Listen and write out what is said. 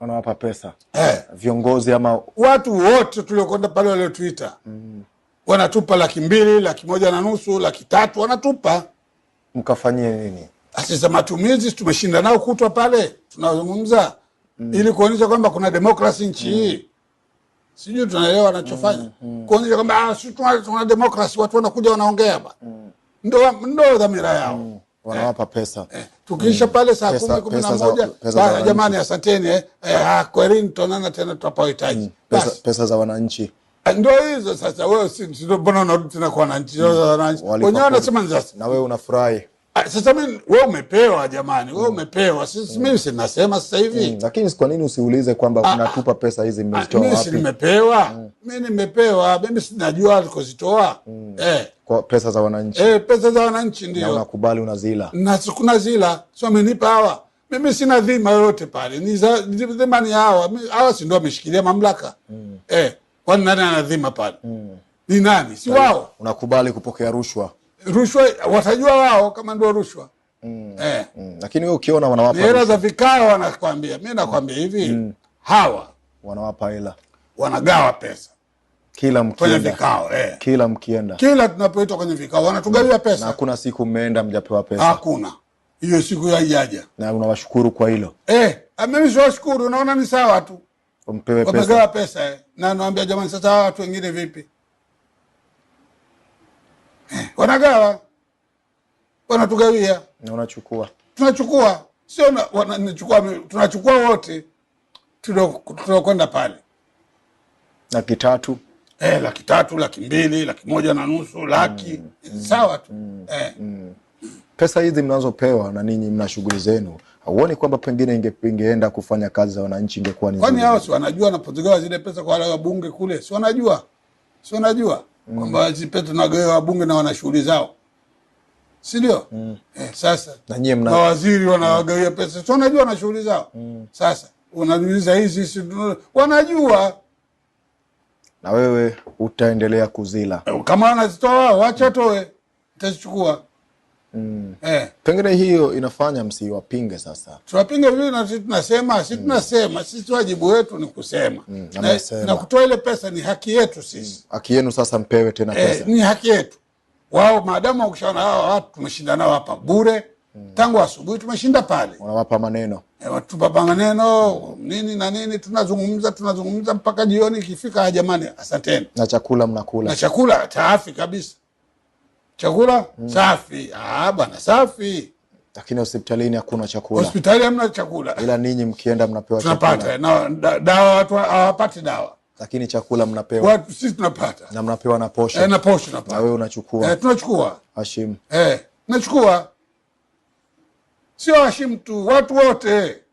wanawapa pesa eh, viongozi ama watu wote tuliokwenda pale waliotuita mm. wanatupa laki mbili, laki moja na nusu, laki tatu wanatupa. Mkafanyie nini? Sasa matumizi tumeshinda nao kutwa pale tunazungumza mm. ili kuonyesha kwamba kuna demokrasi nchi mm. hii mm. sijui tunaelewa anachofanya mm, mm. mm. kuonyesha kwamba ah, si tuna, tuna demokrasi, watu wanakuja wanaongea ba mm. ndo, ndo dhamira yao mm. wanawapa eh. pesa eh tukiisha pale saa kumi kumi na moja jamani, asanteni eh, eh ah, kwerini, tutaonana tena tutapohitaji. Mm, pesa, pesa za wananchi eh, ndio hizo sasa. Wewe si mbona unarudi tena kwa wananchi? Wananchi wenyewe wanasema, na wewe unafurahi Ah, sasa mimi wewe umepewa jamani, wewe umepewa sisi, mimi si nasema sasa hivi, mm. lakini kwa nini usiulize kwamba ah, unatupa pesa hizi ah, mmezitoa wapi? Mimi nimepewa mm. mimi nimepewa, mimi sinajua alikozitoa mm. eh, kwa pesa za wananchi eh, pesa za wananchi ndio Na unakubali unazila na kuna zila, sio amenipa hawa, mimi sina dhima yoyote pale, ni za dhima ni hawa hawa, si ndio wameshikilia mamlaka mm. eh, kwani nani ana dhima pale? mm. Ni nani? Si yaani, wao. Unakubali kupokea rushwa? rushwa watajua wao kama ndio rushwa mm. Eh. Mm. Lakini wewe ukiona wanawapa hela za vikao wanakwambia, mimi nakwambia hivi mm. hawa wanawapa hela, wanagawa pesa kila mkienda kwenye vikao eh. kila mkienda, kila tunapoitwa kwenye vikao wanatugawia pesa, na hakuna siku mmeenda mjapewa pesa, hakuna hiyo siku ya ijaja. na unawashukuru kwa hilo eh. Mimi siwashukuru, unaona ni sawa tu, mpewe pesa, wamegawa pesa eh. na naambia jamani, sasa watu wengine vipi? wanagawa wanatugawia wanachukua unachukua, tunachukua, sio wanachukua, tunachukua wote tunaokwenda pale, laki tatu eh, laki tatu, laki mbili, laki moja na nusu, laki mm. mm, sawa tu mm, eh. Mm. Pesa hizi mnazopewa na ninyi mna shughuli zenu, hauoni kwamba pengine inge, ingeenda kufanya kazi za wananchi ingekuwa ni Kwani hao si wanajua wanapotegewa zile pesa kwa wale wabunge kule, si wanajua, si wanajua mm. kwamba si Petro nagawa wabunge na wana shughuli zao, si ndio? mm. Eh, sasa na nyie mna mawaziri wanawagawia mm. pesa, sio wanajua wana shughuli zao mm. Sasa unajiuliza hizi si wanajua, na wewe utaendelea kuzila eh, kama wanazitoa wao, wacha toe, tazichukua Mm. Eh. Pengine hiyo inafanya msiwapinge sasa. Tuwapinge vile na sisi tunasema, sisi mm. tunasema, mm. Sisi wajibu wetu ni kusema. Mm, na, na kutoa ile pesa ni haki yetu sisi. Mm. Haki yenu sasa mpewe tena eh, pesa. Eh, ni haki yetu. Wao maadamu wakishaona hawa watu tumeshinda nao hapa bure. Mm. Tangu asubuhi tumeshinda pale. Wanawapa maneno. Eh, maneno, mm. Nini na nini tunazungumza tunazungumza mpaka jioni ikifika, ah, jamani asanteni. Na chakula mnakula. Na chakula taafi kabisa chakula mm. safi. Ah, bwana safi. Lakini hospitalini hakuna chakula. Hospitali hamna chakula. Ila ninyi mkienda mnapewa tunapata, chakula. Na dawa watu hawapati dawa. Lakini chakula mnapewa. Watu sisi tunapata. Na mnapewa na posho. e, na posho tunapata. Na wewe unachukua. e, tunachukua. Hashim. Eh, nachukua. Sio Hashim tu, watu wote.